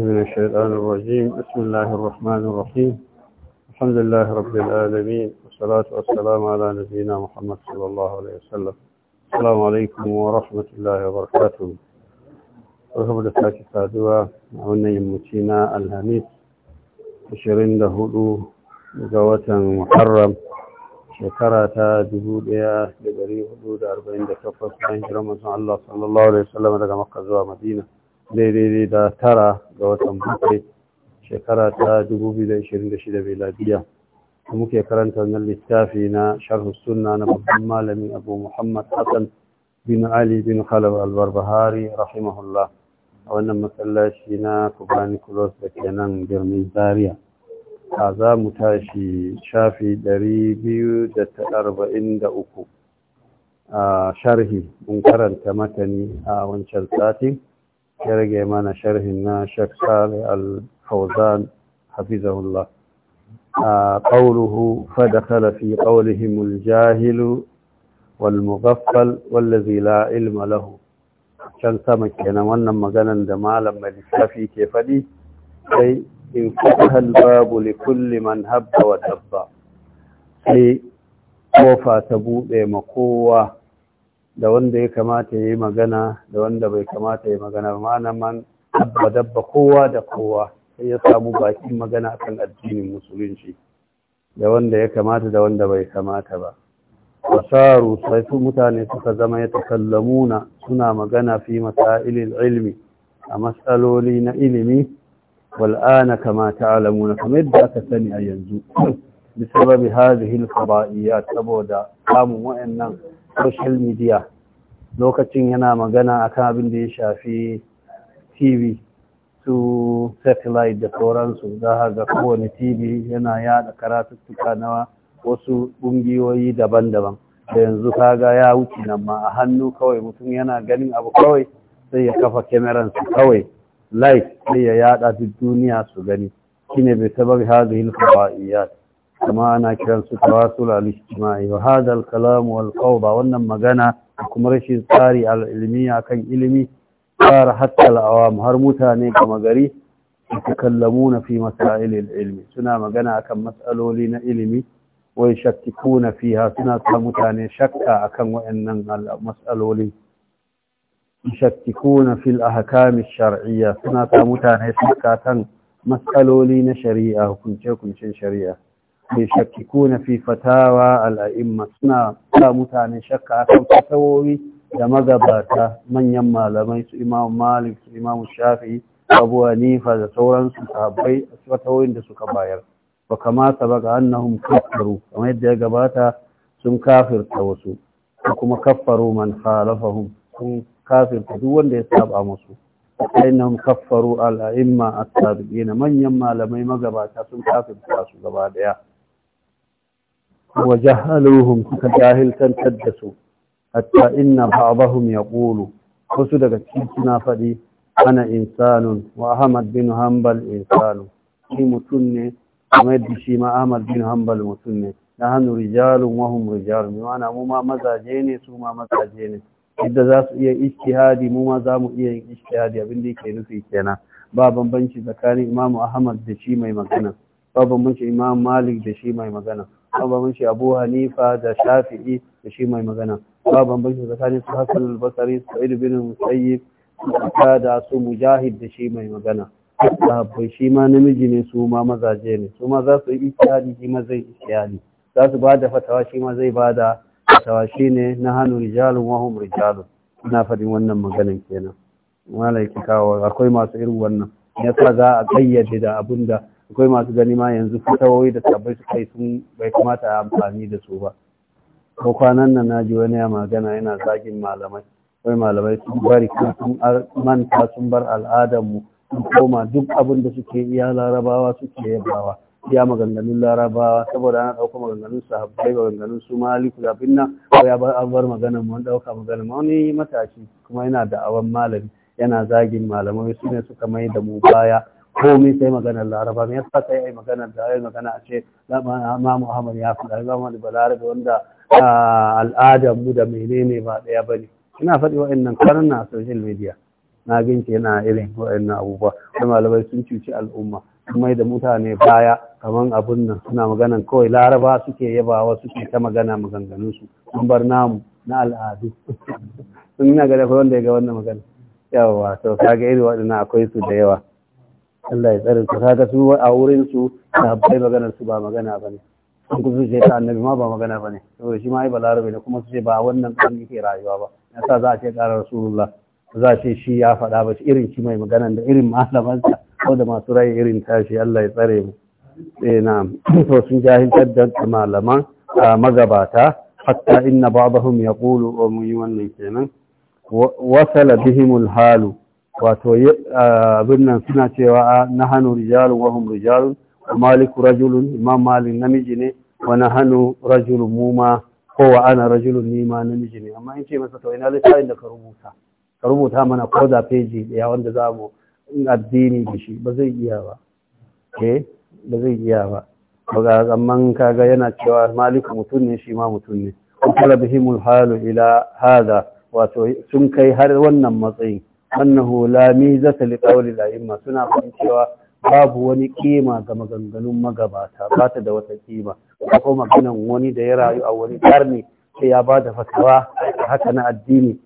من الشيطان الرجيم بسم الله الرحمن الرحيم الحمد لله رب العالمين والصلاة والسلام على نبينا محمد صلى الله عليه وسلم السلام عليكم ورحمة الله وبركاته ورحمة الله وبركاته عنا يمتينا الهميس عشرين دهولو جوة محرم shekara ta 1448 bayan hijirar manzon Allah sallallahu alaihi wasallam daga Makka zuwa Madina daidai da tara ga watan bakwai shekara ta 2026 miladiya da muke karanta wannan littafi na sharhu sunna na babban malamin abu muhammad hassan bin ali bin khalab al-barbahari rahimahullah a wannan masallaci na kubani kulos da ke nan birnin zaria a za mu tashi shafi 243 a sharhi mun karanta matani a wancan satin ya rage mana sharhin na shakkar al-fauzan hafizahullah ƙauruhu فدخل في قولهم الجاهل والمغفل wallazi لا علم can sama kenan wannan maganan da malam mai lissafi ke faɗi sai in fatahal babu li kulli man habba wa dabba sai kofa ta buɗe ma kowa da wanda ya kamata ya yi magana da wanda bai kamata ya yi magana ba na man dabba dabba kowa da kowa sai ya samu bakin magana kan addinin musulunci da wanda ya kamata da wanda bai kamata ba wasaru sai su mutane suka zama ya takallamuna suna magana fi masailil ilmi a matsaloli na ilimi wal'ana kama ta'alamuna kamar yadda aka sani a yanzu bisababi hadhihi al-fada'iyat saboda samun wa'annan social media lokacin yana magana akan abin da ya shafi tv su satellite da sauransu za a ga kowane tv yana yada karatuttuka na wasu ƙungiyoyi daban-daban da yanzu kaga ya wuce nan ma a hannu kawai mutum yana ganin abu kawai sai ya kafa su kawai light sai ya yada duk duniya su gani shine bai tabar hadhihi al-fawaiyat kama ana kiran su tawasul al-ijtima'i wa hadha al-kalam wal wannan magana kuma rashin tsari al-ilmi akan ilimi fara hatta al-awam har mutane gama gari yatakallamuna fi masail al-ilmi suna magana akan mas'aloli na ilimi wai yashakuna fiha suna sa mutane shakka akan wayannan mas'aloli yashakuna fil ahkam ash-shar'iyya suna sa mutane shakka kan mas'aloli na shari'a hukunce hukuncin shari'a mai shakkiku na fifata fatawa al'a'imma suna sa mutane shakka a kan fatawowi da magabata manyan malamai su imamu malik su imamu shafi abu hanifa da sauransu sahabbai a fatawoyin da suka bayar ba kamata ba ga annahum kafaru kamar yadda ya gabata sun kafirta wasu ko kuma kafaru man khalafahum sun kafirta duk wanda ya saba musu فإنهم kafaru الأئمة a من manyan malamai magabata sun kafirta su gaba ديا wa jahaluhum suka jahiltantar da su hatta inna ba'dahum yaqulu wasu daga cikin suna faɗi ana insanun wa ahmad bin hanbal insanu shi mutum ne kamar yadda shi ma ahmad bin hanbal mutum ne na hannu rijalun wahum rijalun mu ma mazaje ne su ma mazaje ne yadda za su iya ishtihadi mu ma za mu iya yin ishtihadi abin da yake nufi kenan ba bambanci tsakanin imamu ahmad da shi mai magana ba bambanci imam malik da shi mai magana ba abu hanifa da shafi'i da shi mai magana ba bambanci tsakanin su hasan al-basri sa'id bin musayyib da da su mujahid da shi mai magana sahabbai shi ma namiji ne su ma mazaje ne su ma za su yi ijtihadi shi ma zai ijtihadi za su ba da fatawa shi ma zai ba da fatawa shi ne na hannu rijalun wa rijalun ina faɗin wannan maganan kenan malai kawo akwai masu irin wannan yasa za a kayyade da da? akwai masu gani ma yanzu fitawoyi da sabbai su kai sun bai kamata a amfani da su ba ko kwanan nan naji wani ya magana yana zagin malamai Akwai malamai sun bari sun manta sun bar al'adar mu sun koma duk abin da suke iya larabawa suke yabawa iya maganganun larabawa saboda ana ɗauka maganganun sahabbai maganganun su maliku da binna ko ya bar an maganar mu an ɗauka maganar mu wani matashi kuma yana da awan malami yana zagin malamai su ne suka mai da mu baya komai sai maganar laraba me yasa sai ai maganar da ai magana a ce ma Muhammad ya faɗa ba mu balarabe wanda al'adar mu da menene ba daya bane ina faɗi wa'annan karna a social media na gince yana irin wa'annan abubuwa sai malamai sun cuci al'umma kuma da mutane baya kaman abun nan suna maganan kawai laraba suke yabawa suke ta magana maganganun su mun bar namu na al'adu sun ina ga wanda ya ga wannan magana yawa to kage irin waɗannan akwai su da yawa Allah ya tsare su kaga su a wurin su na bai maganar su ba magana bane sun kuma ce ta annabi ma ba magana bane saboda shi ma ai balarabe ne kuma su ce ba wannan kan yake rayuwa ba sa za a ce ƙara rasulullah za a ce shi ya faɗa ba irin shi mai magana da irin malamansa ko da masu rai irin tashi Allah ya tsare mu eh na'am to sun jahiltar da malaman magabata hatta inna ba'dahum yaqulu wa mun wannan kenan wasala bihimul halu wato eh, abin nan suna cewa ah, na hannu rijalun wahum rijalun maliku rajulun imam malin namiji ne wa na hannu rajulun mu ma ko wa ana rajulun ni ma namiji ne amma in ce masa to ina littafin da ka rubuta ka rubuta mana ko da peji daya wanda za mu addini da shi ba zai iya ba ke? Eh, ba zai iya ba daga amman kaga yana cewa maliku mutum ne shi ma mutum ne kuma bihimul halu ila hada wato sun kai har wannan matsayin annahu la mizata li qawli al suna fahimci cewa babu wani kima ga maganganun magabata ba ta da wata kima ko maganan wani da ya rayu a wani karni sai ya ba da fatawa haka na addini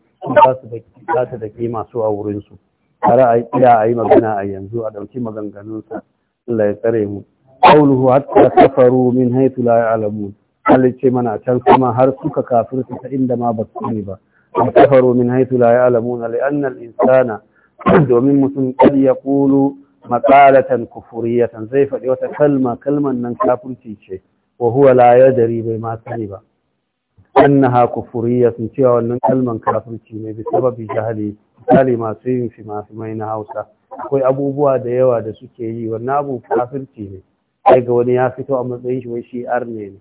ba su da kima su a wurinsu har a iya a magana a yanzu a ɗauki maganganunsa Allah ya tsare mu qawluhu hatta kafaru min haythu la ya'lamun Allah ce mana a can kuma har suka kafirta ta inda ma ba su ba kafaru min haythu la ya'lamuna li anna al-insana domin mutum kar ya kulu maqalatan kufuriyatan zai faɗi wata kalma kalman nan kafirci ce wa huwa la yadri bai ma sani ba annaha kufuriyatun cewa wannan kalman kafirci ne bi sababi jahili misali masu yin fimafimai na Hausa akwai abubuwa da yawa da suke yi wannan abu kafirci ne sai ga wani ya fito a matsayin shi wai shi arne ne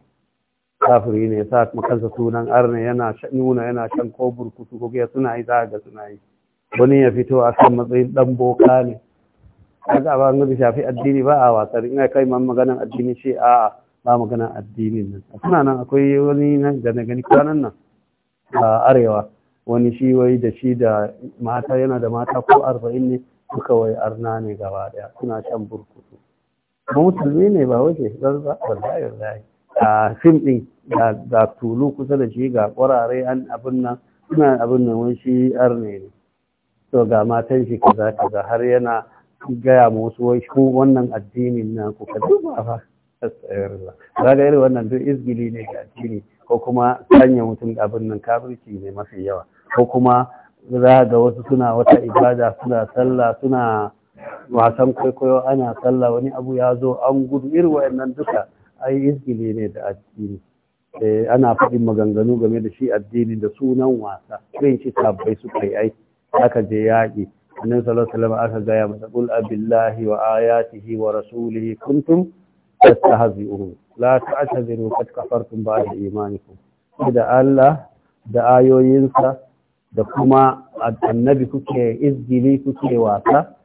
kafiri ne ya sa kansa sunan arne yana nuna yana shan ko burkutu ko ya suna yi za ga suna yi wani ya fito a kan matsayin ɗan boka ne kaga ba an shafi addini ba a wasar ina kai man maganan addini shi a ba maganan addinin nan suna nan akwai wani nan da na gani kwanan nan a arewa wani shi wai da shi da mata yana da mata ko arba'in ne duka wai arna ne gaba daya suna shan burkutu Ba musulmi ne ba waje zan zaɓar zai zai a fim ɗin ga tulu kusa da shi ga ƙwararre an abin nan suna abin nan wani shi ar ne ne. to ga matan shi kaza kaza har yana gaya ma wasu wai ko wannan addinin na ku ka duba fa kaga irin wannan duk izgili ne ga addini ko kuma sanya mutum abin nan kafirci ne mafi yawa ko kuma za ga wasu suna wata ibada suna sallah suna wasan kwaikwayo ana sallah wani abu ya zo an gudu irin waannan duka ai izgili ne da addini eh, ana faɗin maganganu game da shi addini da sunan wasa irin shi tabbai suka yi ai aka je yaƙi annabi sallallahu alaihi wasallam aka gaya masa qul abillahi wa ayatihi wa rasulihi kuntum tastahzi'un la ta'tadiru qad kafartum ba'da imanikum da Allah da ayoyinsa da kuma annabi kuke izgili kuke wasa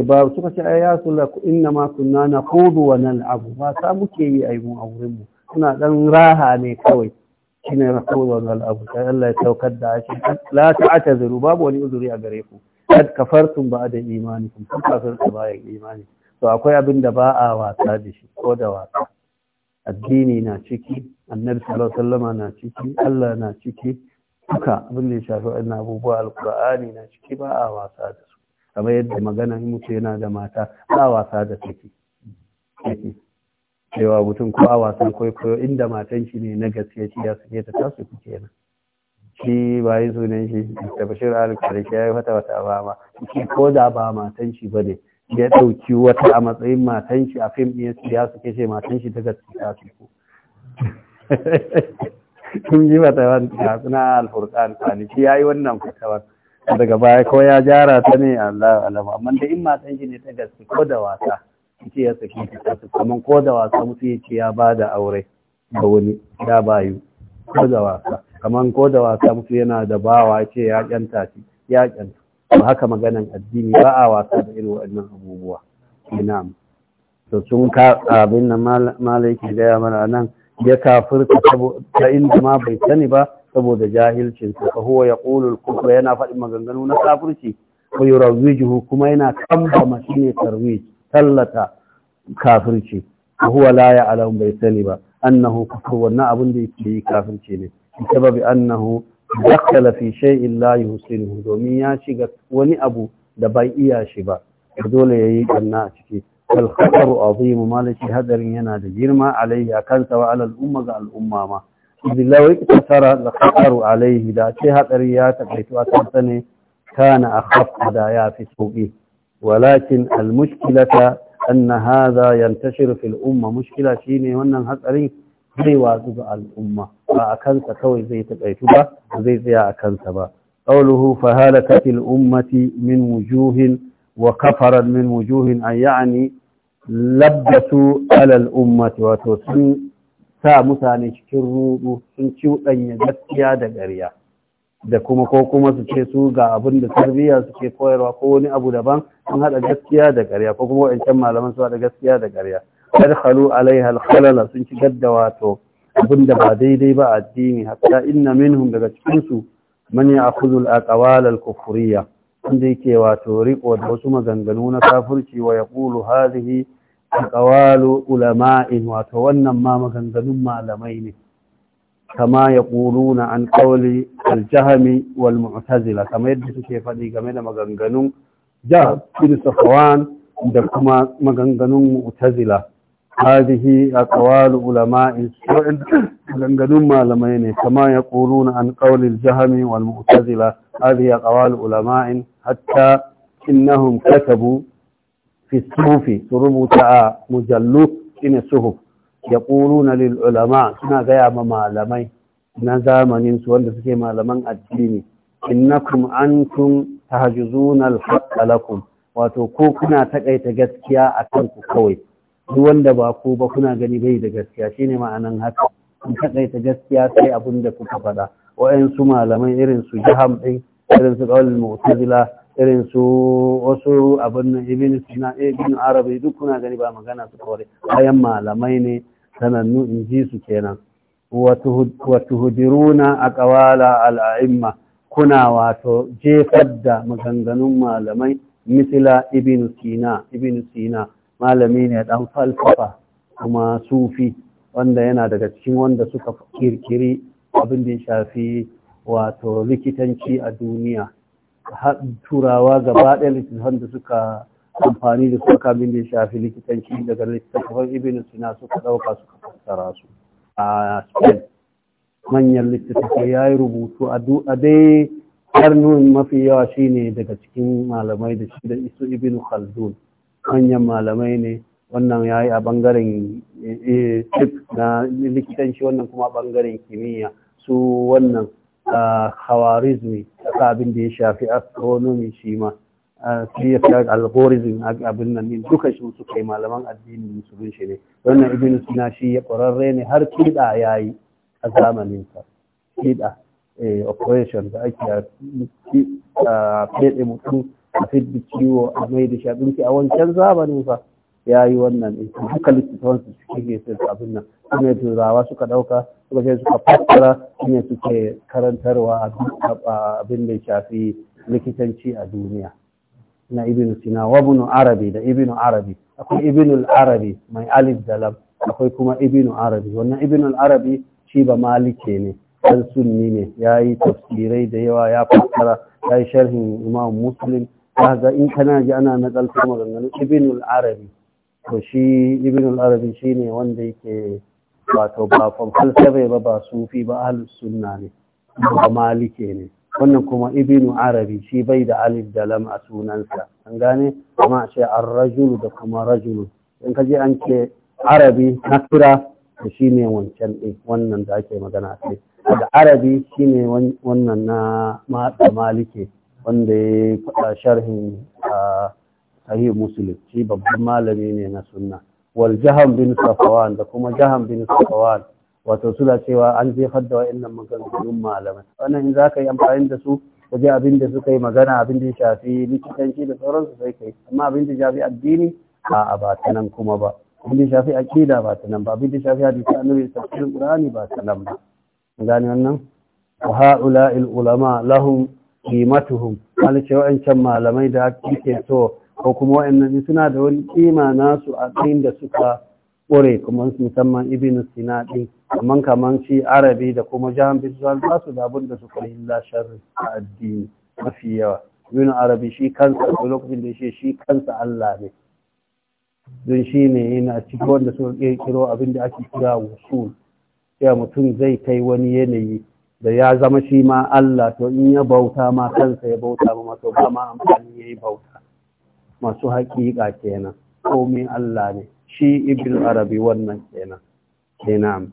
babu suka ce ai ya ku inna ma kunna na kudu wa abu ba sa muke yi yi mu a wurin mu suna dan raha ne kawai na kudu wa abu. sai Allah ya saukar da shi la ta'tazuru babu wani uzuri a gare ku kad kafartum da imani kun kafirta bayan imani to akwai abin da ba a wasa da shi ko da wasa addini na ciki annabi sallallahu alaihi wasallama na ciki Allah na ciki duka abin da ya shafi wannan abubuwa alqur'ani na ciki ba a wasa da su kamar yadda magana mutu yana da mata ba wasa da take cewa mutum ko a wasan kwaikwayo inda matan shi ne na gaskiya shi ya suke ta tasu ke kenan shi bayan sunan shi da bashir al shi ya yi wata wata ba ma shi ko da ba matan shi ba ne ya ɗauki wata a matsayin matan shi a fim ɗin ya suke ce matan shi ta gaskiya ta su ko kun ji mata wani suna alfurkan kwani shi ya yi wannan fatawar daga baya ko ya jara ta ne Allah alama amma da in ma shi ne ta gaske ko da wasa ce ya saki ta kamar ko da wasa mutu ya ce ya ba da aure ga wani ya bayu ko da wasa kamar ko da wasa mutu yana da bawa ce ya kyanta shi ya kyanta ba haka maganan addini ba a wasa da irin waɗannan abubuwa ina to sun ka abin nan malai gaya mana nan ya kafirta ta inda ma bai sani ba saboda jahilcin sa huwa ya qulul kufra yana faɗin maganganu na kafirci wa yurawijuhu kuma yana kamba ne tarwij tallata kafirci huwa la ya'lamu bai sani ba annahu kufur wannan abin da yake yi kafirci ne sababi annahu dakala fi shay'in la domin ya shiga wani abu da bai iya shi ba dole yayi kanna a ciki al khataru azim malaki hadarin yana da girma alayya kansa wa alal umma ga al umma ma بالله كثر لخطر عليه ذا تيها تريات بيتوا تنتني كان أخف هدايا في سوقه ولكن المشكلة أن هذا ينتشر في الأمة مشكلة شيني وأن الهدري زي واجب الأمة فأكن تكوي زي تبعيتوا زي زي أكن تبا قوله فهلكت الأمة من وجوه وكفرا من وجوه أي يعني لبسوا على الأمة وتسن sa mutane cikin ruɗu sun cuɗanya gaskiya da ƙarya da kuma ko kuma su ce su ga abin da tarbiyya suke koyarwa ko wani abu daban sun haɗa gaskiya da ƙarya ko kuma wa'ancan malaman su haɗa gaskiya da ƙarya adkhalu alaiha alkhalala sun ci gadda wato abin da ba daidai ba addini hatta inna minhum daga cikin su man ya'khudhu a aqwal al-kufriyya wanda yake wato riko da wasu maganganu na kafirci wa yaqulu hadhihi aqwalu ulama'in wato wannan ma maganganun malamai ne kama ya na an qawli Aljahami wal mu'tazila kama yadda suke faɗi game da maganganun jah bin safwan da kuma maganganun mu'tazila هذه أقوال علماء غنغدون معلمين كما يقولون عن قول الجهم والمعتزلة هذه أقوال علماء حتى إنهم كتبوا fi su rubuta a mujallu shine suhuf ya na lilulama ulama suna gaya ma malamai na zamanin su wanda suke malaman addini innakum antum tahjuzuna al-haqqa lakum wato ko kuna takaita gaskiya a kanku kawai duk wanda ba ku ba kuna gani bai da gaskiya shine ma'anan haka kun takaita gaskiya sai abin da kuka faɗa wa'ansu malamai irin su jaham din irin su qawl mu'tazila irin su wasu abin nan ibn sina ibn arabi duk kuna gani ba magana su kawai bayan malamai ne sanannu in ji su kenan wa tuhdiruna aqwala al-a'imma kuna wato jefar da maganganun malamai misila ibn sina malami ne dan falsafa kuma sufi wanda yana daga cikin wanda suka kirkiri abin da ya shafi wato likitanci a duniya turawa gaba ɗaya littattafan da suka amfani da suka kamin da ya shafi likitanci daga littattafan ibn sina suka ɗauka suka fassara su a spain manyan littattafai ya yi rubutu a dai karnin mafi yawa shine daga cikin malamai da shi da isu ibn khaldun manyan malamai ne wannan ya yi a ɓangaren eh, eh, na likitanci wannan kuma a ɓangaren kimiyya su wannan khawarizmi abin da ya shafi astronomy shi ma siyasar algorithm abin nan ne duka shi su yi malaman addinin shi ne wannan ibn sina shi ya ƙwararre ne har kiɗa ya yi a zamaninsa kiɗa operation da ake a feɗe mutum a fidda ciwo a mai da shaɗinki a wancan zamaninsa ya yi wannan ɗin duka littattafan su suke ke su abin nan su yadda turawa suka ɗauka suka ce suka fassara su suke karantarwa abin da shafi likitanci a duniya na ibn sina wa ibn arabi da ibn arabi akwai ibn arabi mai alif da lam akwai kuma ibn arabi wannan ibn arabi shi ba malike ne dan sunni ne ya yi tafsirai da yawa ya fassara ya yi sharhin imam muslim ga in kana ji ana nazalta maganganun ibn arabi to shi ibn al-arabi shine wanda yake wato ba falsafe ba ba sufi ba ahlus sunna ne ba malike ne wannan kuma ibn arabi shi bai da alif da lam a sunansa an gane kuma ce ar-rajulu da kuma rajul in kaje an ce arabi nakira to shine wancan din wannan da ake magana sai da arabi shine wannan na malike wanda ya sharhin sharhin ah, sahih muslim shi babban malami ne na sunna wal jaham bin safwan da kuma jahan bin safwan wato suna cewa an jefar da wa'annan maganganun malamai wannan in za ka yi amfani da su waje abin da suka yi magana abin da ya shafi likitanci da sauransu sai kai amma abin da shafi addini a ba ta nan kuma ba abin da shafi akida ba ta nan ba abin da shafi hadisi annabi tafsirin qur'ani ba ta nan ba gani wannan wa ha'ula'il ulama lahum qimatuhum alce wa'ancan malamai da ake so ko kuma wa'annan suna da wani kima nasu a ɗin da suka ƙure kuma musamman ibn sina ɗin kamar kaman shi arabi da kuma jahan bisuwar ba su da abin da suka yi lasharri a addini mafi yawa ibn arabi shi kansa a lokacin da shi shi kansa allah ne don shi ne yana ciki wanda suka kirkiro abin da ake kira wusul ya mutum zai kai wani yanayi da ya zama shi ma allah to in ya bauta ma kansa ya bauta ma To ba ma amfani ya yi bauta masu haƙiƙa kenan komai Allah ne shi ibil arabi wannan kenan kenan eh,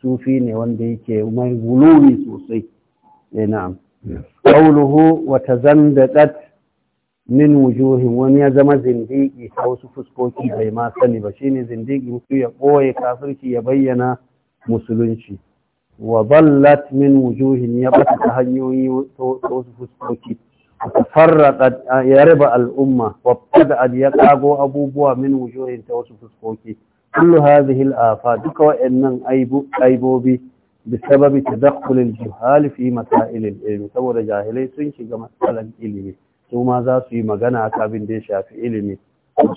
sufi ne wanda yake mai gulumi sosai kenan eh, qawluhu wa tazandaqat min wujuhin wani ya zama zindiki ta wasu fuskoki bai ma sani ba shine zindiki mutu ya kafin kafirci ya bayyana musulunci wa ballat min wujuhin ya bata hanyoyi ta wasu fuskoki farraqat ya al'umma wa a ya kago abubuwa min wujuhin ta wasu fuskoki kullu hadhihi afa duka wa'annan aibobi بسبب تدخل الجهال في مسائل العلم saboda jahilai sun shiga matsalar ilimi su ma za su yi magana a abin da ya shafi ilimi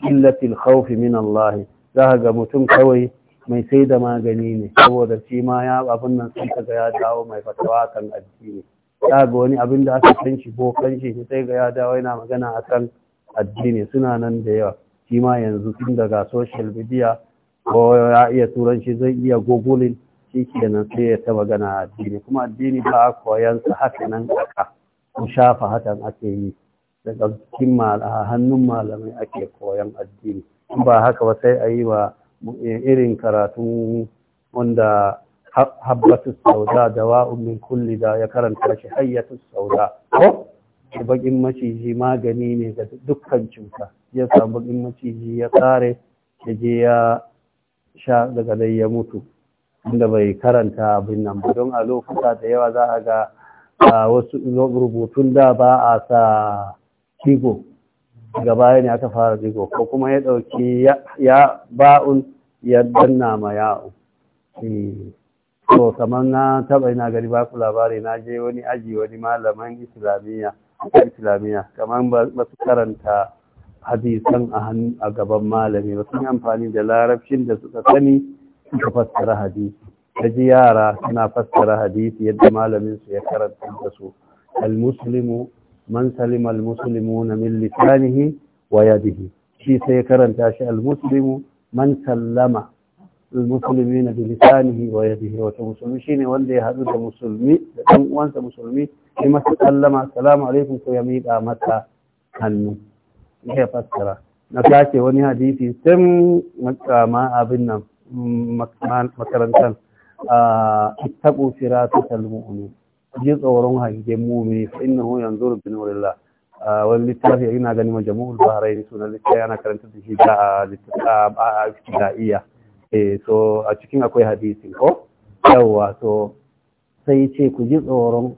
illatil khawf min Allah za ga mutum kawai mai sai da magani ne saboda shi ma ya abin nan sun ga ya dawo mai fatawa kan addini ya ga wani abin da aka san shi ko kan shi sai ga ya dawo yana magana kan addini suna nan da yawa shi ma yanzu tun daga social media ko ya iya turanci zai iya googling shi nan sai ya ta magana addini kuma addini ba a koyan sa haka nan kaka ko shafa hakan ake yi daga cikin hannun malamai ake koyan addini ba haka ba sai a yi wa irin karatun wanda habbatu sauda dawa'un min kulli da ya karanta shi hayyatu sauda ko bakin maciji magani ne ga dukkan cuta ya samu bakin maciji ya tsare ya je ya sha daga dai ya mutu inda bai karanta abin nan ba don a lokuta da yawa za a ga wasu rubutun da ba a sa kigo gaba ne aka fara digo ko kuma ya dauki ya ba'un ya danna ma ya'un to kamar na taba ina gari ba ku labari na je wani aji wani malaman islamiyya islamiyya kamar ba su karanta hadisan a a gaban malami ba sun amfani da larabcin da suka sani suka fassara hadisi ta ji yara suna fassara hadisi yadda malamin su ya karanta da su almuslimu man salima almuslimu na min lisanihi wa yadihi shi sai ya karanta shi almuslimu man sallama musulmi المسلمين بلسانه ويده وتمسلمي شيني وندي هذا المسلمي دان وانت مسلمي لما تسلم السلام عليكم كيمي قامتا hannu ya fassara na sake wani hadisi sun makama abin nan makarantar a ittaku firatatal mu'min ji tsoron hangen mu'mini fa innahu yanzuru bi nurillah wani littafi ina ganin majmu'ul bahrain sunan littafi ana karantar da shi da a ibtidaiya eh so a cikin akwai hadisi ko yawa so sai ce ku ji tsoron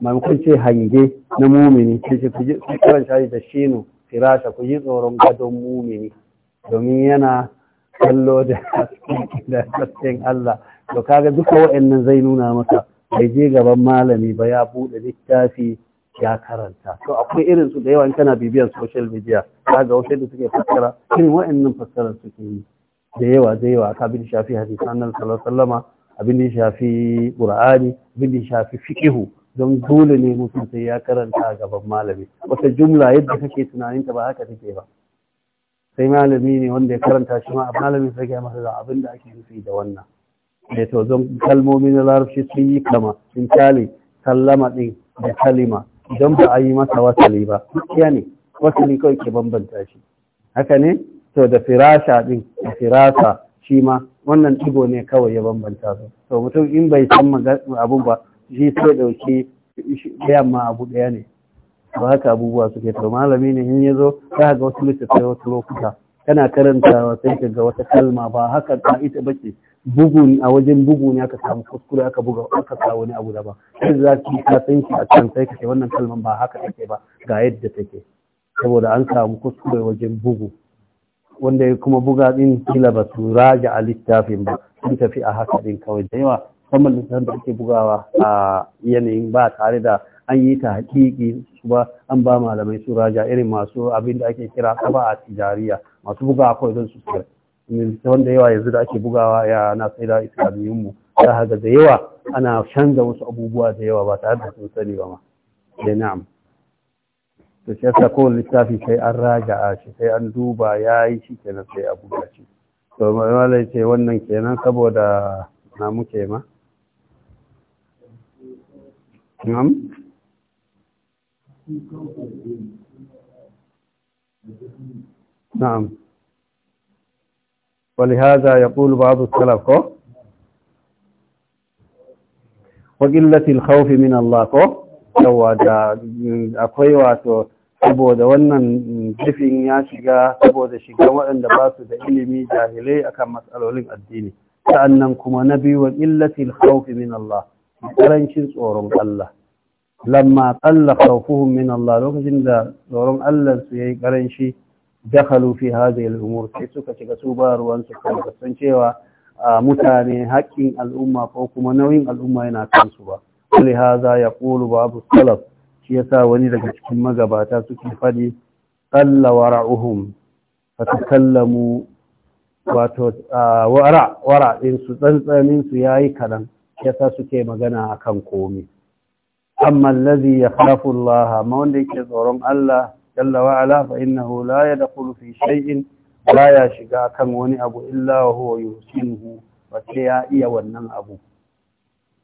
maimakon ce hange na mumini sai ce ku ji tsoron shi da shinu firasha ku ji tsoron gadon mumini domin yana kallo da hasken Allah to kaga duka wa'annan zai nuna maka bai je gaban malami ba ya buɗe littafi ya karanta to akwai irin su da yawa in kana bibiyar social media kaga wasu da suke fassara irin waɗannan fassarar suke yi da yawa da yawa ka abin da shafi hadisan nan sallallahu alaihi abin da shafi qur'ani abin da shafi fiqhu don dole ne mutum sai ya karanta ga gaban malami wata jumla yadda kake tunanin ta ba haka take ba sai malami ne wanda ya karanta shi ma malami sai ya masa da abin da ake nufi da wannan ne eh to don kalmomi na larabci sun yi kama sun kale sallama din da kalima idan ba a yi masa wasali ba ya ne wasali kawai ke bambanta shi haka ne to da firasha din da firasa shi ma wannan tigo ne kawai ya bambanta su to mutum in bai san abun ba shi sai ɗauki ɗayan ma abu ɗaya ne ba haka abubuwa suke to malami ne in ya zo za ga wasu littattafai wasu lokuta kana karantawa sai ka ga wata kalma ba haka ka ita bace bugu a wajen bugu ne aka samu kuskure aka buga aka kawo wani abu daban sai za ki ka san shi a can sai ka ce wannan kalman ba haka take ba ga yadda take saboda an samu kuskure wajen bugu wanda ya kuma buga din kila ba su raja a littafin ba sun tafi a haka din kawai da yawa musamman littafin da ake bugawa a yanayin ba tare da an yi ta hakiki su ba an ba malamai su raja irin masu abin da ake kira kaba a tijariya masu bugawa kawai don su sayar wanda yawa yanzu da ake bugawa ya na sai da islamiyyun mu za ga da yawa ana canza wasu abubuwa da yawa ba tare da sun sani ba ma da eh, na'am to shi kowane littafi sai an raja'a shi sai an duba ya yi shi kenan sai a buga shi to ce wannan kenan saboda na muke ma Nam? نعم ولهذا يقول بعض السلف وقلة الخوف من الله yawa da mm, akwai wato saboda wannan jifin mm, ya shiga saboda shiga waɗanda ba su da ilimi jahilai akan matsalolin addini sa'annan kuma na biyu wa illatil khawfi min Allah karancin tsoron Allah lamma qalla khawfuhum min Allah lokacin da tsoron Allah su yayi karanci dakhalu fi hadhihi al-umur sai suka shiga su ba ruwan su kan cewa mutane haƙƙin al'umma ko kuma nauyin al'umma yana kansu ba kuli haza ya ƙulu babu salaf shi yasa wani daga cikin magabata suke faɗi qalla wara'uhum kallamu wato wara wara din su tsantsanin su yayi ya yasa suke magana a kan komi amma ya yakhafu Allah ma wanda yake tsoron Allah jalla wa ala fa innahu la yadkhulu fi shay'in la ya shiga kan wani abu illa wa huwa ba wace ya iya wannan abu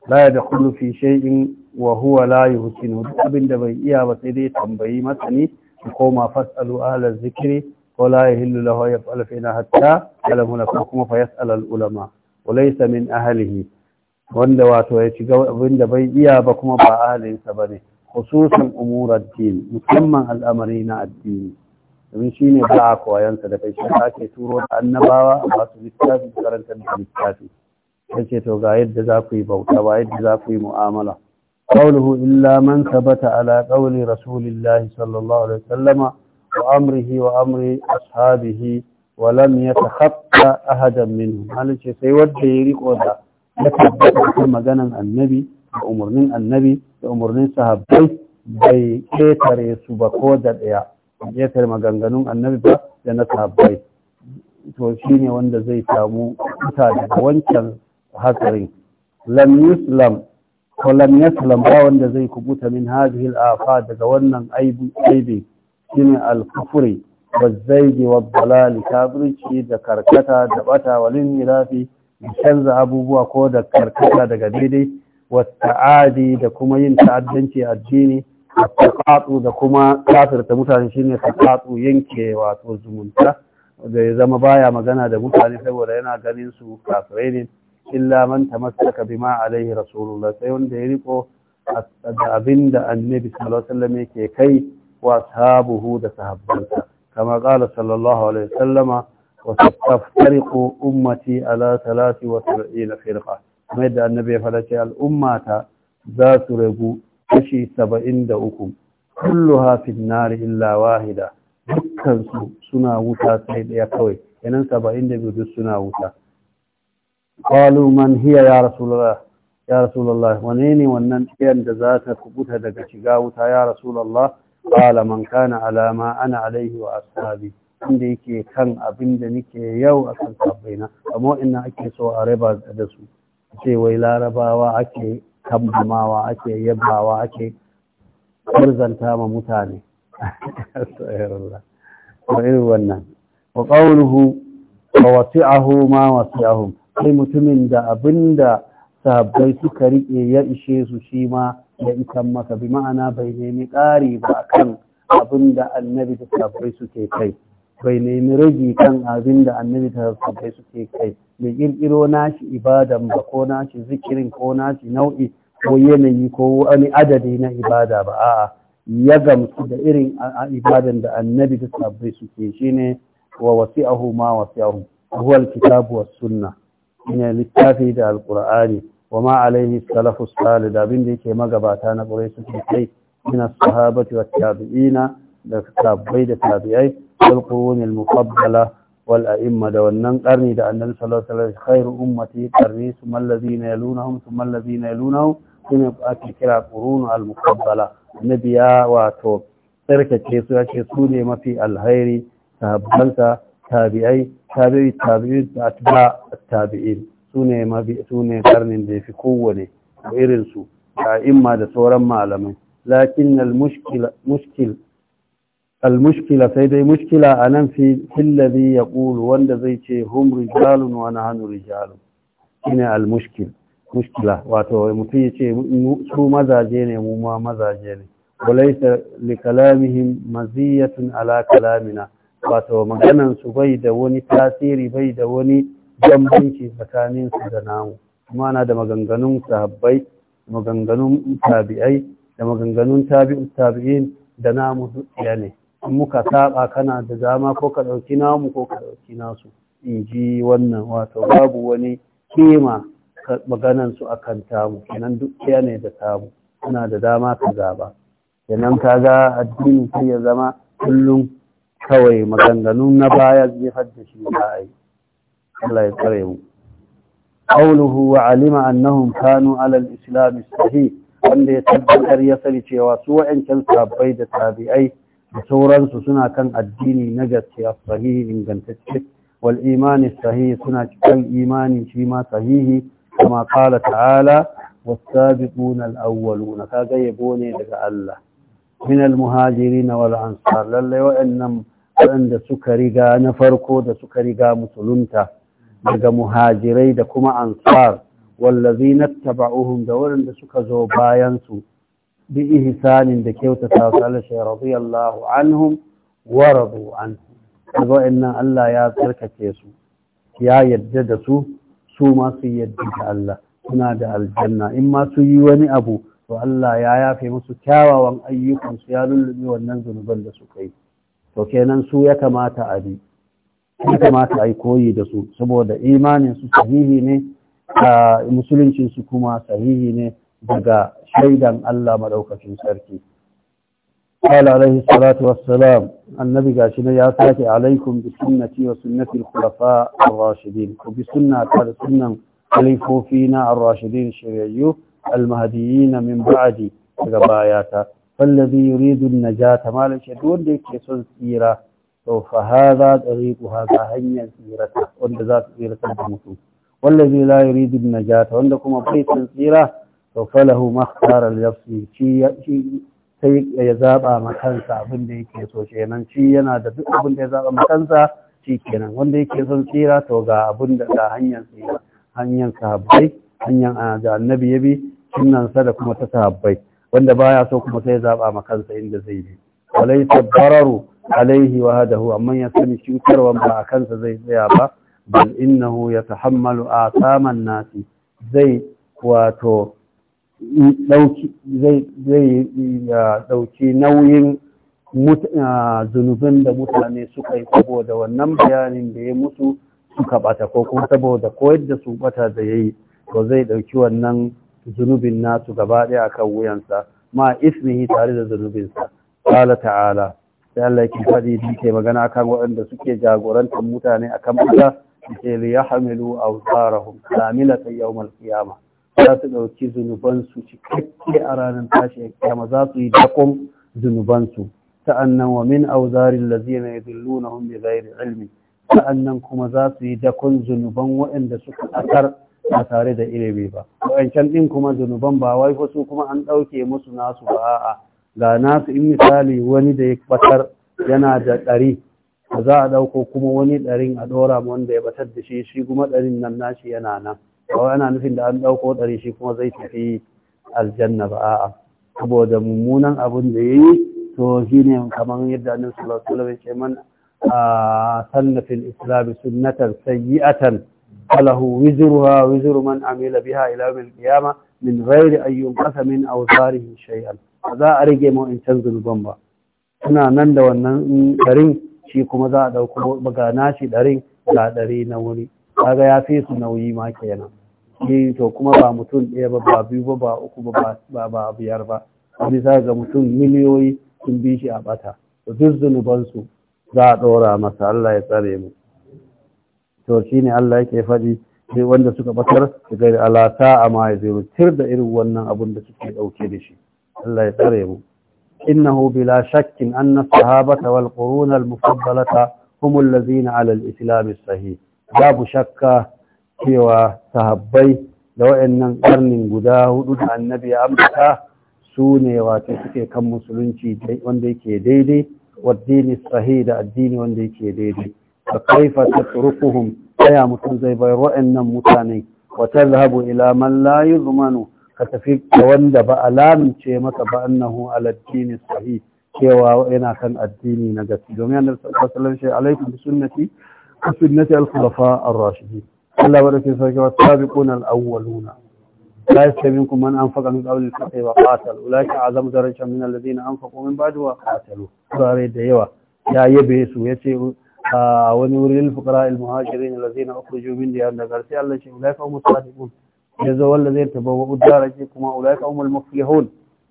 la ya da kullu fi shay'in wa huwa la yuhsinu duk abin da bai iya ba sai dai tambayi masani ku koma fasalu ahla zikri wa la yahillu lahu an yaf'ala fina hatta yalamuna ko kuma fa yas'al al ulama wa laysa min ahlihi wanda wato ya shiga abin da bai iya ba kuma ba ahlinsa ba khususan umur ad-din musamman al'amari na addini domin shi ne ba a koyansa da kai shi ake turo da annabawa a masu littafi karanta da littafi sai ce to ga yadda za yi bauta ba yadda za yi mu'amala ƙaunuhu illa man sabata ala ƙauni rasulillahi sallallahu alaihi sallama wa amrihi wa amri ashabihi wa lam ya ta haɗa ahadan ce sai wanda ya riko da ya tabbata kan maganan annabi da umarnin annabi da umarnin sahabbai bai ƙetare su ba ko da ɗaya ƙetare maganganun annabi ba da na sahabbai to shine wanda zai samu mutane da wancan hatsari lam yuslam ko lam yaslam ba wanda zai kubuta min hadhihi al daga wannan aibi aibi shine al-kufri wa bala wa dalal kabirci da karkata da bata walin mirafi da canza abubuwa ko da karkata daga daidai wa ta'adi da kuma yin ta'addanci addini taqatu da kuma kafirta mutane shine taqatu yanke wato zumunta da ya zama baya magana da mutane saboda yana ganin su kafirai ne illa man tamassaka bima alaihi rasulullah sai wanda ya riko da abin da annabi sallallahu alaihi wasallam yake kai wa sahabuhu da sahabbansa kama qala sallallahu alaihi wasallama wa taftariqu ummati ala 73 firqa kuma da annabi ya fada ce al'ummata za su ragu kashi 73 kulluha fi nari illa wahida dukkan su suna wuta sai daya kawai kenan 72 duk suna wuta kwalu man hiya ya rasulullah ya wane ne wannan tsayar da za ta kubuta daga shiga wuta ya rasulullah qala man kana ala ana alaihi wa ashabi inda yake kan abin da nake yau a kan sabbaina amma ina ake so a raba da su ce wai larabawa ake tambamawa ake yabawa ake murzanta ma mutane wa irin wannan wa qawluhu wa wasi'ahu ma wasi'ahum sai mutumin da abin da sabbai suka riƙe ya ishe su shi ma ya isan masa bi ma'ana bai nemi ƙari ba kan abin da annabi da sabbai suke kai bai nemi ragi kan abin da annabi da sabbai suke kai mai ƙirƙiro nashi ibadan ba ko nashi zikirin ko nashi nau'i ko yanayi ko wani adadi na ibada ba a'a ya gamsu da irin ibadan da annabi da sabbai suke shine wa wasi'ahu ma wasi'ahu huwa alkitabu was sunnah shine littafi da alqur'ani wa ma alaihi salafu salih da abin da yake magabata na ƙurai suke kai min as-sahabati wa tabi'ina da sahabbai da tabi'ai wal qurun al-mufaddala wal a'imma da wannan karni da annabi sallallahu alaihi wasallam khairu ummati qarni thumma alladhina yalunhum thumma alladhina yalunhum shine ake kira qurun al-mufaddala nabiya wato tsarkake su yake su ne mafi alhairi sahabbansa tabi'ai tabi'i tabi'i da atba tabi'in sune mabi sune karnin da yafi kowane irin su imma da sauran malamai lakin al mushkil mushkil mushkila sai dai mushkila anan fi alladhi yaqulu wanda zai ce hum rijalun wa nahnu rijalun ina al mushkil mushkila wato mutum ya ce su mazaje ne mu ma mazaje ne walaisa li kalamihim maziyatun ala kalamina wato maganan su bai da wani tasiri bai da wani bambanci tsakanin su da namu kuma na da maganganun sahabbai maganganun tabi'ai da maganganun tabi'u tabi'in da namu dukiya ne in muka saba kana da dama ko ka dauki namu ko ka dauki nasu in ji wannan wato babu wani kima maganan su akan tamu kenan dukiya ne da tamu kana da dama ka zaba kenan ga addini sai ya zama kullum kawai maganganun na baya zai da shi za a yi Allah ya tsare mu Ƙauluhu, wa alima annahum kanu ala al-islam wanda ya tabbatar ya sani cewa su wa'ancan sabbai da tabi'ai da sauransu suna kan addini na gaskiya sahihi ingantacce wal imani sahihi suna cikin imani shi ma sahihi kuma kala ta'ala was-sabiquna al-awwaluna kaga yabo ne daga Allah min al wal ansar lalle waɗanda suka riga na farko da suka riga musulunta daga muhajirai da kuma ansar wallazi na taba'uhun da waɗanda suka zo bayansu bi ihsanin da kyautata su ala shi radiyallahu anhum wa radu anhu daga waɗannan Allah ya tsarkake su ya yadda da su su ma su yadda da Allah suna da aljanna in ma su yi wani abu to Allah ya yafe musu kyawawan ayyukansu ya lullubi wannan zunuban da suka yi to kenan su ya kamata a bi ya kamata a yi koyi da su saboda imanin su sahihi ne a musuluncin su kuma sahihi ne daga shaidan Allah madaukakin sarki قال عليه الصلاة والسلام النبي قال شنو ياتي عليكم بسنتي وسنة الخلفاء الراشدين وبسنة قال سنة خليفوا فينا الراشدين الشريعيو المهديين من بعدي تقباياتا wallazi ridin an-najata malan shi wanda yake son tsira to fa hadha tariqu hadha hanyar tsirata wanda za ta tsirata da mutum wallazi la yuridu an-najata wanda kuma bai son tsira to falahu makhtara li shi sai ya zaba ma kansa abin da yake so kenan shi yana da duk abin da ya zaba ma kansa shi kenan wanda yake son tsira to ga abin da ga hanyar tsira hanyar sahabbai hanyar da annabi ya bi sunnansa da kuma ta sahabbai wanda baya so kuma sai zaba ma kansa inda zai bi walaysa bararu alaihi wa hadahu amma ya sani cutarwa ba a kansa zai tsaya ba bal innahu yatahammalu asaman nasi zai wato dauki zai zai dauki nauyin zunubin da mutane suka yi saboda wannan bayanin da ya musu suka bata ko kuma saboda koyar da su bata da yayi to zai dauki wannan zunubin nasu gaba ɗaya akan wuyansa ma ismihi tare da zunubinsa qala ta'ala sai Allah yake faɗi din ke magana akan waɗanda suke jagorantar mutane akan bata ke li yahmilu awzarahum kamilatan yawm al-qiyamah za su ɗauki zunubansu cikakke a ranar tashi kiyama za su yi dakon zunubansu ta'annan wa min auzarin lazina ya zilluna hun bi ilmi ta'annan kuma za su yi dakon zunuban waɗanda suka asar ba tare da ilimi ba wancan ɗin kuma zunuban ba wai wasu kuma an ɗauke musu nasu ba a'a ga nasu in misali wani da ya batar yana da ɗari ba za a ɗauko kuma wani ɗarin a ɗora wanda ya batar da shi shi kuma ɗarin nan nashi yana nan ba ana nufin da an ɗauko ɗari shi kuma zai tafi aljanna ba a'a saboda mummunan abin da ya yi to shi ne kamar yadda annabi sallallahu alaihi wasallam ya ce mana a ah, sannafin islam sunnatan sayyi'atan falahu wizruha wizru man amila biha ila yawmil qiyamah min ghairi an yunqasa min awsarihi shay'an za a rage mu in can zunuban ba suna nan da wannan darin shi kuma za a dauko ga nashi darin ga dare na wuri kaga ya fi nauyi ma kenan eh to kuma ba mutum ɗaya ba ba ba ba ba ba ba biyar ba wani za mutum miliyoyi sun bi shi a ɓata. to duk zunubansu za a ɗora masa Allah ya tsare mu to shine Allah yake faɗi sai wanda suka batar daga da alasa a ma yaziru da irin wannan abun da suke dauke da shi Allah ya tsare mu innahu bila shakkin anna sahabata wal qurun al mufaddalata hum allazina ala al islam sahih babu shakka cewa sahabbai da wayannan karnin guda hudu da annabi ya sune su ne wato suke kan musulunci wanda yake daidai wa dini sahih da addini wanda yake daidai Ka kaifa ta turukuhun ɗaya mutum zai bai ro'in nan mutane wata zahabu ila man layi zumanu ka tafi da wanda ba alamce maka ba annahu aladdini sahi cewa yana kan addini na gaske domin yana da sallan shi alaikum bi sunnati bi sunnati al-khulafa ar-rashidin Allah wa rasul sallallahu alaihi wasallam sabiquna al-awwaluna la yastabiqu man anfaqa min qabli al-fatih wa qatal ulaika azam darajatan min na anfaqu min ba'du wa qatalu sare da yawa ya yabe su yace a wani wuri lil fuqara al muhajirin allazina ya min diyarihim daga sai Allah shi ulaika hum sadiqun zo wanda zai taba tabawa ce kuma ulaika humul muflihun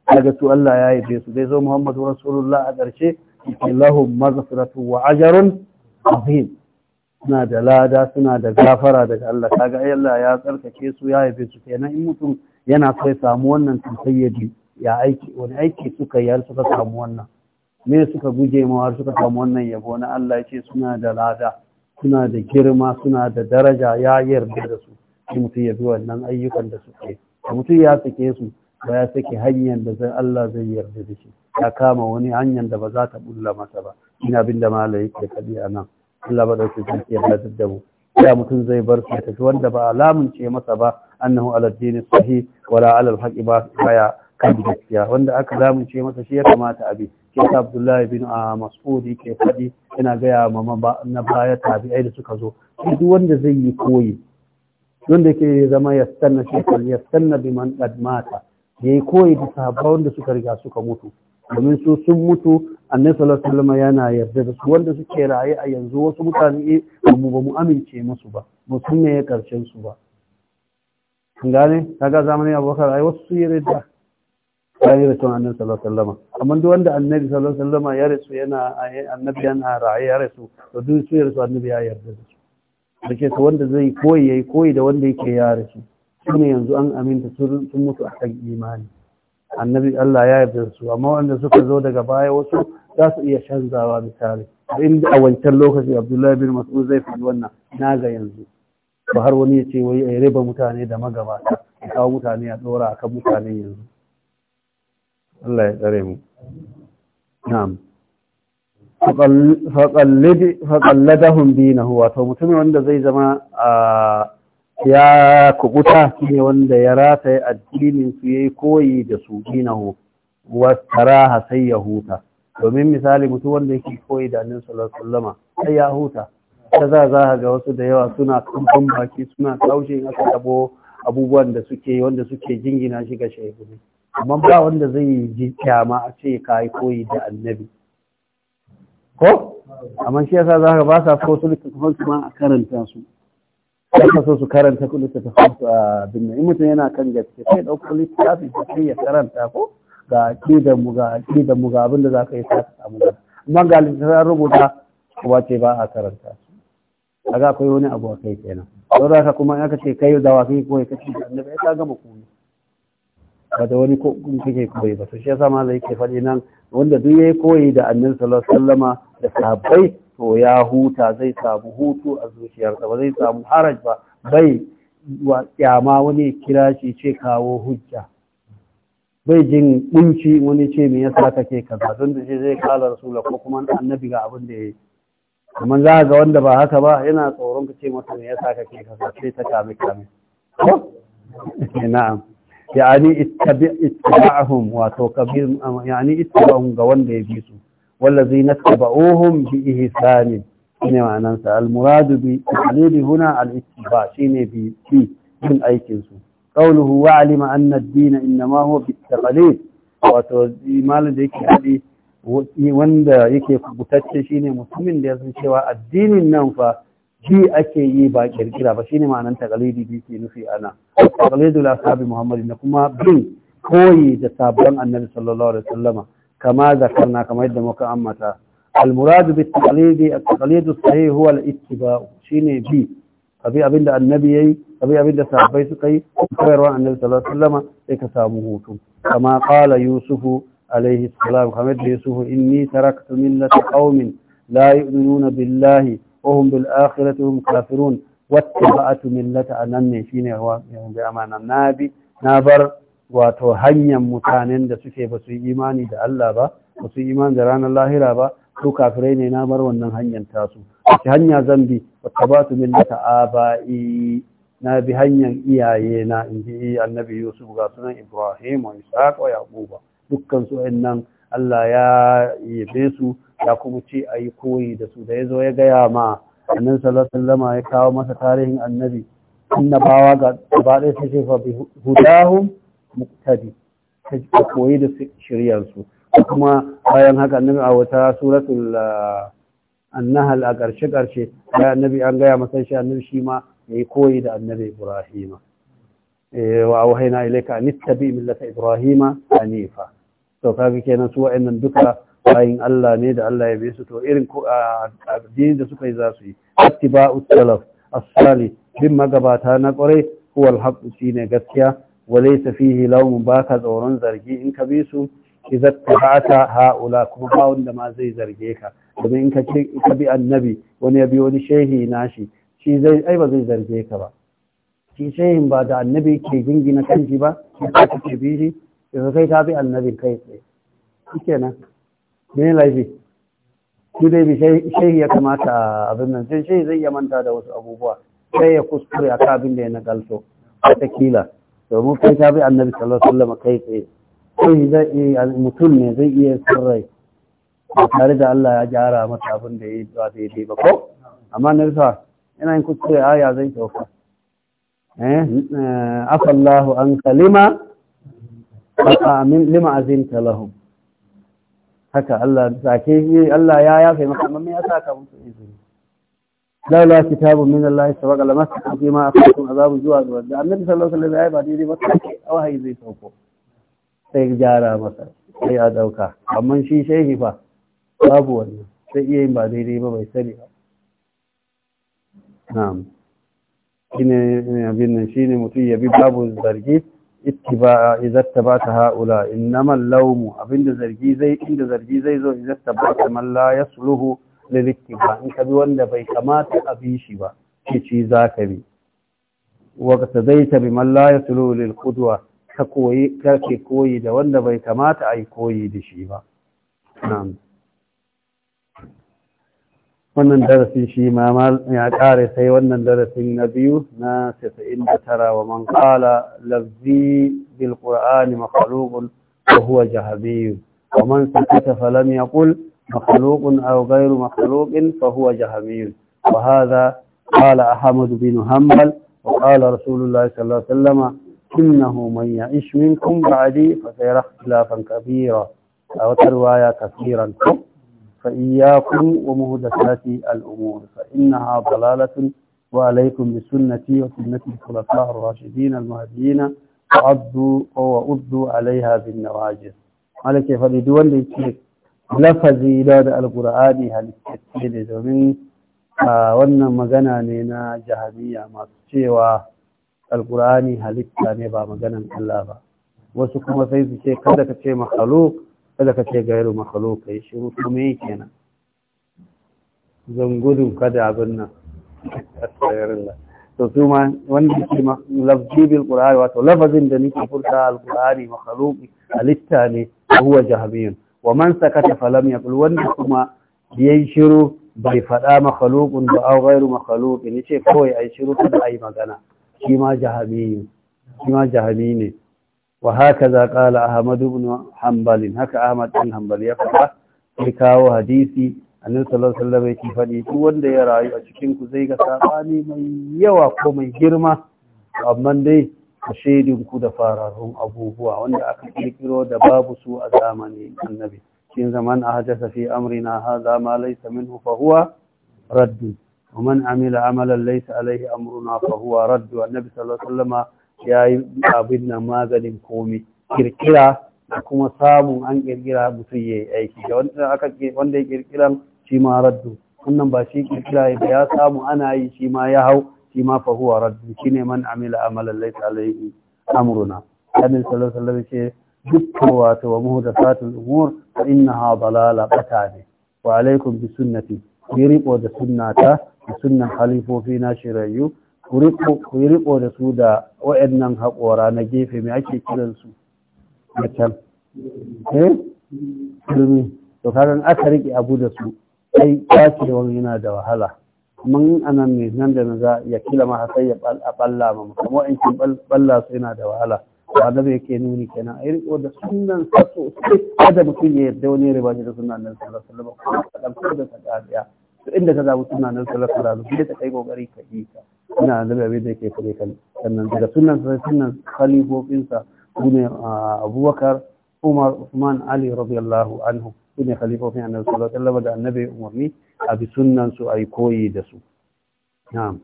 daga su Allah ya yi su zai zo Muhammadu Rasulullah a ƙarshe Allahu maghfiratu wa ajrun azim suna da lada suna da gafara daga Allah kaga ai Allah ya tsarkake su ya yi su kenan in mutum yana so ya samu wannan tsayyaji ya aiki wani aiki suka yi har suka samu wannan me suka guje ma har suka samu wannan yabo na Allah ce suna da lada suna da girma suna da daraja ya yarda da su shi mutum ya bi wannan ayyukan da suke da mutum ya sake su ba ya sake hanyar da zai Allah zai yarda da shi ya kama wani hanyar da ba za ta bulla masa ba ina bin da malai yake kadi a nan Allah ba da su ke yarda da mu ya mutum zai bar su tafi wanda ba alamun ce masa ba annahu ala dini sahih wala ala al ba ya kan gaskiya wanda aka lamunce masa shi ya kamata abi yasa Abdullahi bin ah, Mas'ud ke faɗi yana gaya ma na baya tabi'ai da suka zo duk wanda zai yi koyi wanda yake zama yastanna shekul sanna bi man qad mata yayi koyi da sahabba wanda suka riga suka mutu domin su sun mutu annabi sallallahu alaihi yana yarda da su wanda suke raye a yanzu wasu mutane eh, mu ba mu amince musu ba mu sun ne karshen su ba kun gane kaga zamanin Abubakar ai wasu su yarda bayan rasuwan annabi sallallahu alaihi wasallam amma duk wanda annabi sallallahu alaihi wasallam ya rasu yana annabi yana ra'ayi ya rasu to duk su rasu annabi ya yarda da su dake su wanda zai koyi yayi koyi da wanda yake ya rasu shine yanzu an aminta sun mutu a kan imani annabi Allah ya yarda da su amma wanda suka zo daga baya wasu za su iya canzawa misali in a wancan lokaci Abdullahi bin Mas'ud zai faɗi wannan na ga yanzu ba har wani ya ce wai a riba mutane da magabata a kawo mutane a ɗora a kan mutane yanzu Allah ya tsare mu na'am faƙalladahun huwa to mutum wanda zai zama ya kubuta ne wanda ya rataye addinin su ya yi koyi da su dinahu wasaraha sai ya huta domin misali mutum wanda yake koyi da annin sallallahu sai ya huta ta za za ga wasu da yawa suna kamfan baki suna kaushe in aka abubuwan da suke yi, wanda suke jingina shi ga ne. amma ba wanda zai ji kyama a ce ka yi koyi da annabi ko amma shi yasa za ka ba sa so su littattafan su ma a karanta su Ka so su karanta littattafan su a binne in mutum yana kan gaske sai ɗaukar littafi sai ya karanta ko ga aƙidar mu ga aƙidar mu ga abin da za ka yi sa samu ba amma ga littattafan rubuta kuma ce ba a karanta su kaga akwai wani abu a kai kenan don haka kuma in aka ce kai da wafi ko ya kace annabi ya ka gama komai ba da wani kake koyi ba to shi yasa ma zai ke faɗi nan wanda duk yayi koyi da annabi sallallahu alaihi wasallama da sahabbai to ya huta zai samu hutu a zuciyarsa ba zai samu haraj ba bai wa kyama wani kira shi ce kawo hujja bai jin kunci wani ce me yasa kake kaza don da shi zai kala rasula ko kuma annabi ga abin da yayi kamar za ga wanda ba haka ba yana tsoron ka ce masa me yasa kake kaza sai ta kame kame na'am yani ittaba'ahum wato kabir yani ittaba'ahum ga wanda ya bi su wallazina tabauhum bi ihsani ne ma'anan sa al muradu bi taqlidi huna al ittiba shine bi bi bin aikin su qawluhu wa alima anna ad-din inma huwa bi taqlid wato imanin da yake hadi wanda yake kubutacce shine mutumin da ya san cewa addinin nan fa bi ake yi ba kirkira ba shine ma'anar takalidi da yake nufi ana takalidu la sahabi muhammadi na kuma bin koyi da sabon annabi sallallahu alaihi wasallama kama zakarna kamar yadda muka ammata المراد بالتقليد التقليد الصحيح هو الاتباع شيني بي abi abinda annabi yayi abi abinda sahabbai suka yi koyarwa annabi sallallahu alaihi wasallam sai ka samu hutu kama qala yusufu alaihi salam kamar da yusufu inni taraktu millata qaumin la yu'minuna billahi وهم بالآخرة هم كافرون واتبعت ملة أنم شيني هو بأمانة نابي نابر wato hanyar mutanen da suke ba yi imani da Allah ba ba yi imani da ranar lahira ba su kafirai ne na bar wannan hanyar tasu wace hanya zan bi wata ba su millata aba'i na bi hanyar iyaye na in annabi yusuf ga sunan ibrahim wa isaac wa yaquba dukkan nan Allah ya yabe su ya kuma ce a yi koyi da su da ya zo ya gaya ma annan salatun zama ya kawo masa tarihin annabi bawa ga gaba ɗaya sai ce fabi hudahun muktadi ta koyi da shiryarsu kuma bayan haka annabi a wata suratul ah, annahal a ƙarshe ƙarshe ya annabi an gaya masa shi annabi shi ma ya yi koyi da annabi ibrahima eh, wa auhaina ilaika an millata ibrahima hanifa to kaga kenan su wa'annan duka bayin Allah ne da Allah ya bai su to irin addini da suka yi za su yi ittiba'u salaf as-salih bin magabata na kwarai huwa al shine gaskiya wa laysa fihi lawm baka tsoron zargi in ka bi su idza tabata haula kuma ba wanda ma zai zarge ka domin in ka ce ka bi annabi wani ya bi wani shehi nashi shi zai ai ba zai zarge ka ba shi shehin ba da annabi ke jingina kanshi ba shi ka ce bi shi kai ka bi annabin kai tsaye shikenan mene laifi su dai bi shehi ya kamata abin nan sai shehi zai iya manta da wasu abubuwa sai ya kuskure a kabin da ya nagalto watakila domin kai ta bi annabi sallallahu alaihi kai tsaye shehi zai iya mutum ne zai iya sirrai ba tare da Allah ya gyara masa abin da ya yi ba ya ba ko amma na rufa ina yin kuskure ya zai tauka eh, eh, afallahu an kalima lima azinta lahum haka Allah sake shi Allah ya yafe maka amma me yasa ka mutu izini laula kitabu min Allah sabaqa lamasakum fi ma kuma azabun zuwa zuwa da annabi sallallahu alaihi sallam ya ba daidai ba awai wahayi zai sauko sai gyara masa sai ya dauka amma shi shehi fa babu wani. sai iya yin ba daidai ba bai sani ba na'am shine abin nan shine mutum ya bi babu zargi ta ta ta haula innama al-lawm abinda zargi zai inda zargi zai zo ta tabata man malla yasluhu lil ittiba in kabi wanda bai kamata a bi shi ba shi ci ka bi zai ta bi malla ya yasluhu lil ka koyi da wanda bai kamata a yi koyi da shi ba na'am wannan darasin shi ma ya kare sai wannan darasin na biyu na 99 wa man qala lazzi bil qur'ani makhluqun wa huwa jahabi wa man sakata falam yaqul makhluqun aw ghayru makhluqin fa huwa jahabi wa hadha qala ahmad bin hanbal wa qala rasulullah sallallahu alaihi wasallam innahu man ya'ish minkum ba'di fa sayara ikhtilafan kabira aw tarwaya kaseeran فإياكم ومهدسات الأمور فإنها ضلالة وعليكم بسنتي وسنة الخلفاء الراشدين المهديين وعضوا وأضوا عليها بالنواجذ مالك فلدول لكي lafazi da da alkur'ani halittacce ne domin a wannan magana ne na jahamiya masu cewa alkur'ani halitta ne ba maganan Allah ba wasu kuma sai su ce kada ka ce makhluk kada ka ce gairu ka yi shiru kuma yi kenan zan gudu kada abin nan da to su ma wanda ke lafzibin bil wato lafazin da nake furta al makalo a halitta ne huwa jahmiyun wa man ta falam yaqul wanda kuma biyan shiru bai faɗa makhluqun ba gairu makalo makhluqin ce kawai yi shiru kada yi magana shi ma jahmiyun ne وهكذا قال أحمد بن حنبل هكا أحمد بن حنبل يفعل يكاو حديثي annabi sallallahu alaihi wasallam yake faɗi duk wanda ya rayu a cikin ku zai ga sabani mai yawa ko mai girma amma dai ka shaidin ku da fararun abubuwa wanda aka kirkiro da babu su a zamanin annabi cikin zaman a hajjasa fi amrina hadha ma laysa minhu fa huwa radd wa man amila amalan laysa alaihi amruna fa huwa radd annabi sallallahu alaihi wasallam ya yi abin nan maganin komi kirkira da kuma samun an kirkira mutum ya yi aiki da wanda ya kirkiran shi ma raddu wannan ba shi kirkira ya ya samu ana yi shi ma ya hau shi ma fa huwa raddu shine man amila amalan laysa alayhi amruna annabi sallallahu alaihi wasallam ce dukkan wato wa muhdathatul umur fa innaha dalala ne. wa alaikum bi sunnati ku da sunnata da sunnan halifofi na shirayu ku yi riko da su da wa'annan haƙora na gefe mai ake kiransu a can eh turmi to kagan aka rike abu da su ai wani yana da wahala mun ana mai nan da na za ya kila ma sai ya balla ma kuma wa'ancin balla su yana da wahala ba annabi yake nuni kenan ai riko da sunan sa sai kada mutum ya yarda wani riba da sunan nan sallallahu alaihi wasallam ko da ta inda ka zaɓi suna nan sallallahu alaihi wasallam da ta kai kokari ka yi ta ina da abin da yake kare kan sannan daga sunan sai sunan khalifofin sa sune Abubakar Umar Usman Ali radiyallahu anhu sune khalifofin annabi sallallahu alaihi wasallam da annabi umarni a bi sunan su ai koyi da su na'am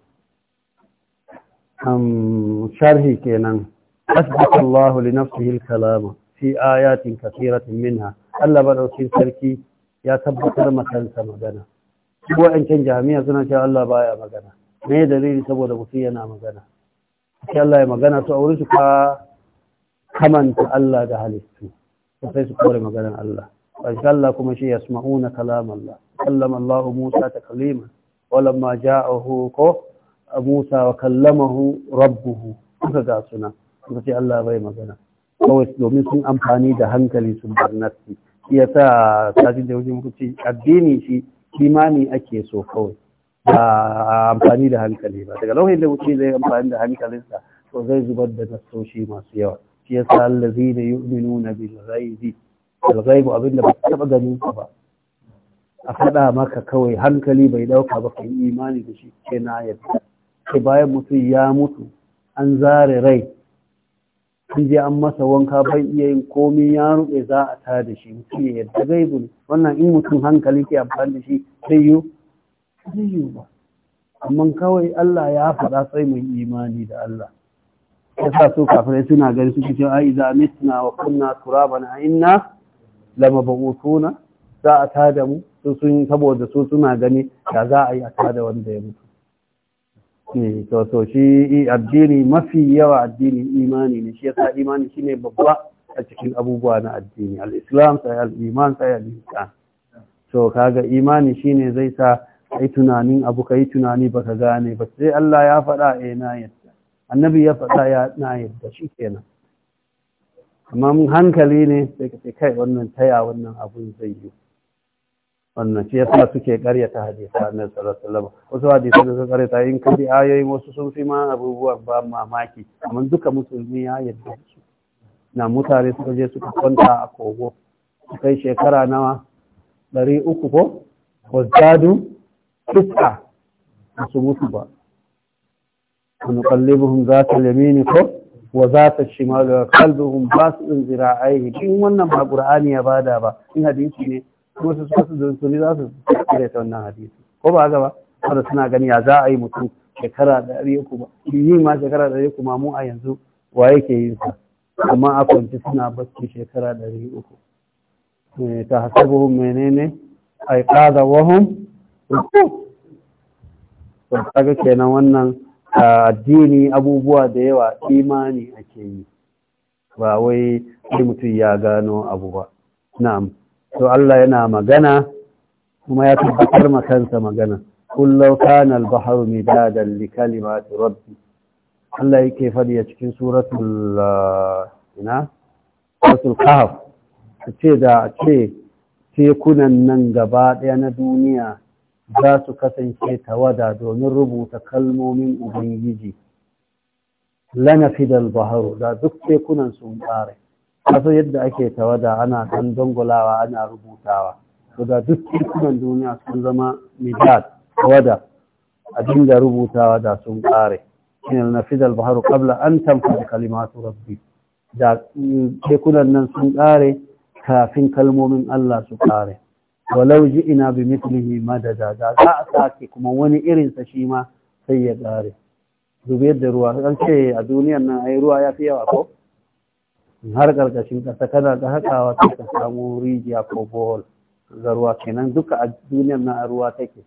am sharhi kenan asbata Allah li nafsihi al-kalama fi ayatin kathiratin minha Allah ba sarki ya tabbatar makansa magana wa'ancan jami'a suna cewa Allah baya magana yi dalili saboda mutum yana magana sai Allah ya magana su wuri su ka kamanta Allah da halittu sai su kore maganar Allah insha Allah kuma shi yasma'una kalam Allah kallama Allah Musa ta kalima. ja a ja'ahu a Musa wa kallamahu rabbuhu kuka ga suna suka ce Allah bai magana kawai domin sun amfani da hankali sun bar nafsi shi sa sajin da wajen kuci addini shi Imani ake so kawai ba amfani da hankali ba daga lokacin da mutum zai amfani da hankalinsa to zai zubar da nasoshi masu yawa shi yasa allazi da yu'minuna bil ghaibi bil ghaibi abinda ba ka taba ganin ka ba a faɗa maka kawai hankali bai ɗauka ba kai imani da shi ke na yadda sai bayan mutum ya mutu an zare rai an an masa wanka bai iya yin komai ya ruɗe za a ta da shi mutum ya zai gaibu wannan in mutum hankali ke amfani da shi zai yi zai yi ba amma kawai Allah ya faɗa sai mun imani da Allah ya sa so kafirai suna gani suke cewa ai za mitina wa kunna turaban a inna lama mabutuna za a ta da mu sun saboda su suna gani da za a yi a ta da wanda ya mutu ne eh, shi addini mafi yawa addini imani ne shi yasa imani shine babba a cikin abubuwa na addini al-islam sai al-iman sai al-ihsan to kaga imani shine zai sa kai tunanin abu kai tunani baka gane ba sai Allah ya faɗa eh na yadda annabi ya faɗa ya na yadda shikenan amma mun hankali ne sai ka kai wannan taya wannan abun zai yi wannan shi yasa suke karyata hadisi annabi sallallahu alaihi wasallam wasu hadisi da suka karyata in ka bi ayoyin wasu sun fi ma abubuwan ba mamaki amma duka musulmi ya yarda su na mutare suka je suka kwanta a kogo kai shekara nawa ɗari uku ko wazdadu tisa su mutu ba za ta ko ذات اليمين Ba su وقلبهم باسط ذراعيه إن wannan ba Qur'ani ya bada ba in hadisi ne kuma su su zurfi za su kare ta wannan hadisi ko ba haka ba suna gani ya za a yi mutum shekara da ɗari uku yi ma shekara da ɗari uku mu a yanzu wa yake yin sa amma a kwanci suna bacci shekara ɗari uku eh, ta hasabuhum menene ai qada wahum to kaga kenan wannan addini abubuwa da yawa imani ake yi ba wai mutum ya gano abu ba na'am to Allah yana magana kuma ya tabbatar ma kansa magana kullau kana al-bahru midadan li kalimati rabbi Allah yake fadi a cikin suratul uh, ina suratul kahf ce da ce tekunan nan gaba daya na duniya za su kasance tawada domin rubuta kalmomin ubangiji Lana lanafidal baharu da duk tekunan sun ƙare wasu yadda ake tawada ana kan dangulawa ana rubutawa to da duk tekunan duniya sun zama midad tawada a dinga rubutawa da sun kare shine na fidal baharu qabla an tanfada kalimatu rabbi da tekunan nan sun kare kafin kalmomin Allah su kare walau ina bi mithlihi madada da za a sake kuma wani irinsa shi ma sai ya kare dubi da ruwa an ce a duniyar nan ai ruwa ya fi yawa ko har ƙarƙashin ƙasa kana ta haƙawa ta ka samu rijiya ko bohol ga ruwa kenan duka a duniyar na ruwa take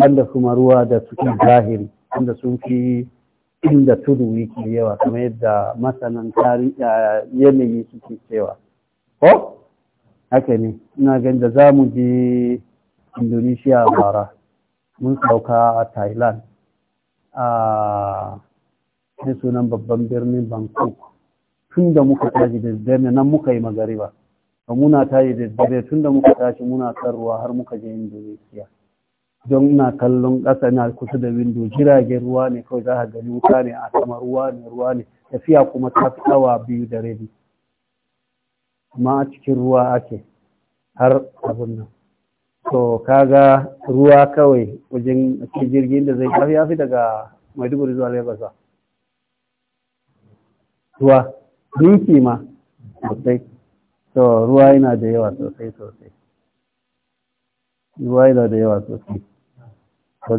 banda kuma ruwa da suke zahiri wanda sun fi inda tudu wiki yawa kamar yadda masanan yanayi suke cewa ko haka ne ina gani da za mu je indonesia bara mun sauka a thailand a sunan babban birnin bangkok tun da muka tashi da nan muka yi magariba ba muna tashi da tunda tun da muka tashi muna kan ruwa har muka je indonesia don na kallon ƙasa na kusa da windo jiragen ruwa ne kawai za ka gani wuta ne a sama ruwa ne ruwa ne tafiya kuma ta fi awa biyu da rabi amma a cikin ruwa ake har abin nan to kaga ruwa kawai wajen cikin jirgin da zai tafi ya fi daga maiduguri zuwa lagos ruwa dinki ma sosai to ruwa yana da yawa sosai sosai ruwa yana da yawa sosai to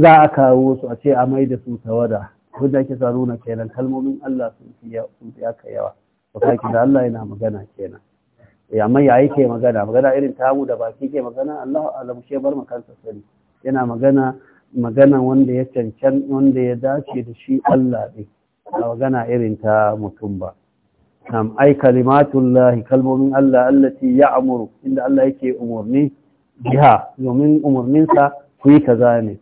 za a kawo su a ce a mai da su tawada wanda ake sa nuna kenan kalmomin Allah sun fi aka yawa ba ka da Allah yana magana kenan mai ya yi ke magana magana irin tamu da baki ke magana Allah alamu shi bar makansa sani yana magana magana wanda ya cancan wanda ya dace da shi Allah ne a magana irin ta mutum ba nam ai kalimatullahi kalmomin Allah allati ya'muru inda Allah yake umurni biha domin umurninsa ku yi kaza ne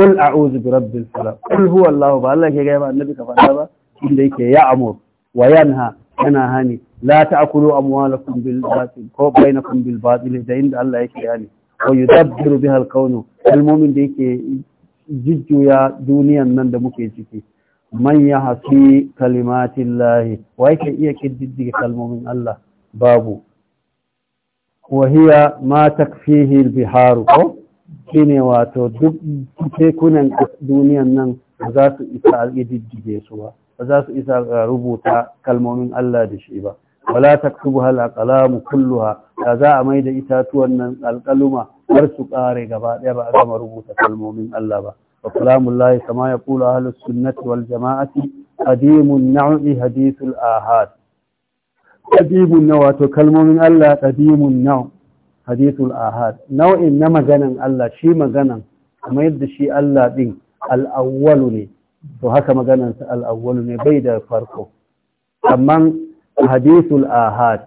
qul a'udhu bi rabbil falaq qul huwa Allah ba Allah ke ga ba annabi ka fada ba inda yake ya'mur wa yanha yana hani la ta'kulu amwalakum bil batil ko bainakum bil batil da inda Allah ya yani wa yudabbiru biha al-kawn kalmomin da yake jujjuya duniyan nan da muke ciki man ya hafi kalimatin lahi wai ke iya ƙididdige kalmomin Allah babu wahiya ma takfihi biharu ko shine wato duk tekunan duniyan nan ba za su isa alƙididdige su ba ba za su isa ga rubuta kalmomin Allah da shi ba wala taktubu hal aqlamu kulluha da za a maida itatuwan nan alƙaluma har su ƙare gaba ɗaya ba a gama rubuta kalmomin Allah ba وكلام الله كما يقول أهل السنة والجماعة قديم النوع حديث الآهاد قديم النوع تكلم من الله قديم النوع حديث الآهاد نوع إنما جنن الله شي مجنن كما يد شي الله دين الأول ني وهكا مجنن الأول ني بيد فرقه أما حديث الآهاد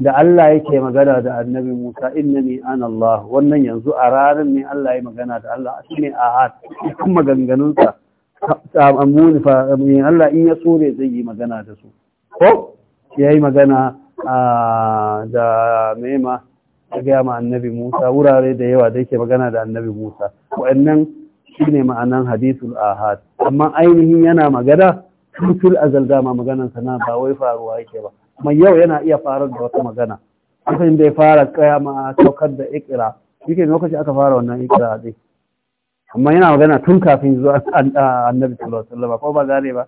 da Allah yake magana da annabi Musa innani ana Allah wannan yanzu a ranar ne Allah ya magana da Allah shi ne ahad kuma maganganunsa amuni fa Allah in ya tsore zai yi magana da su ko ya yi magana da mema ya gaya ma annabi Musa wurare da yawa da yake magana da annabi Musa wa'annan shine ma'anan hadithul ahad amma ainihin yana magana tutul azal dama maganan sana ba wai faruwa yake ba Mai yau yana iya farar da wata magana kusan da ya fara kaya ma saukar da ikira yake lokaci aka fara wannan ikira dai amma yana magana tun kafin zuwa annabi sallallahu alaihi wasallam ko ba gane ba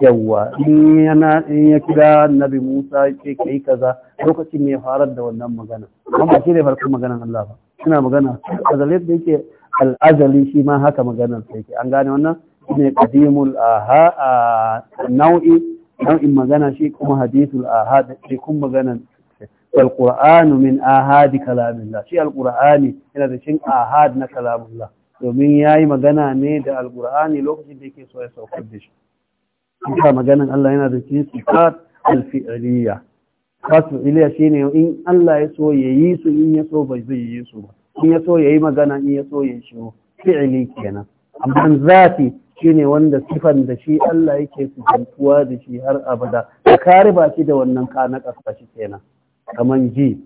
yawwa in ya kira annabi Musa ka kai kaza lokacin ne ya farar da wannan magana amma shi ne farkon maganar Allah ba suna magana azalin da yake al'azali shi ma haka maganar sai ke an gane wannan ne qadimul aha nau'i nau'in magana shi kuma hadithul ahad shi kuma maganan alqur'anu min ahadi kalamillah shi alqur'ani yana da cin ahad na kalamullah domin yayi magana ne da alqur'ani lokacin da yake so ya saukar da shi kuma maganan Allah yana da cin sifat alfi'liya sifat alfi'liya shine in Allah ya so yayi su in ya so bai zai yi su ba in ya so yayi magana in ya so ya shi fi'li kenan amma zati shine wanda sifan da shi Allah yake kusantuwa da shi har abada da kare ba shi da wannan ka na ƙasa shi kenan kaman ji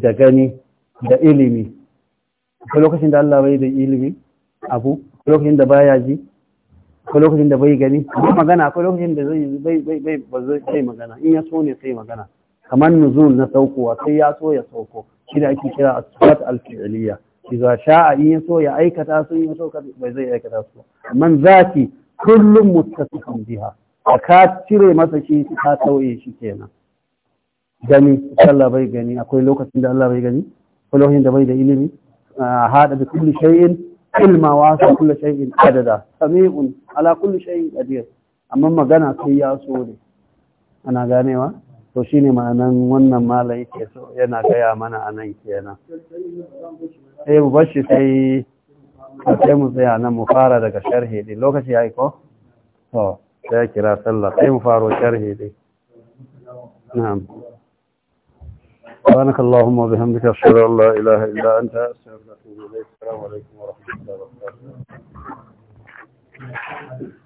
da gani da ilimi ko lokacin da Allah bai da ilimi abu ko lokacin da baya ji ko lokacin da bai gani amma magana ko lokacin da zai bai bai bai zai magana in ya so ne sai magana kamar nuzul na saukowa sai ya so ya sauko shi da ake kira as-sifat al-fi'liyah iza sha'a in so ya aikata su in so bai zai aikata su man zati kullum muttasifin biha ka cire masa shi ka tauye shi kenan gani Allah bai gani akwai lokacin da Allah bai gani akwai da bai da ilimi hada da kulli shay'in ilma wa sa kulli shay'in adada sami'un ala kulli shay'in qadir amma magana sai ya so ne ana ganewa to shi ne ma'anan wannan mala yake so yana gaya mana a nan kenan sai eh, mu shi sai a sai mu tsaya nan mu fara daga sharhi ɗin lokaci ya yi ko? to sai ya kira sallah sai mu faro sharhi ɗin na'am سبحانك اللهم وبحمدك اشهد ان لا اله الا انت استغفرك واتوب اليك السلام عليكم ورحمه الله وبركاته